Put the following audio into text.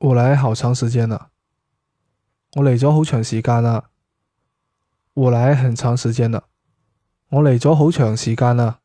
我嚟好長時間啦，我嚟咗好長時間啦，我嚟很長時間啦，我嚟咗好長時間啦。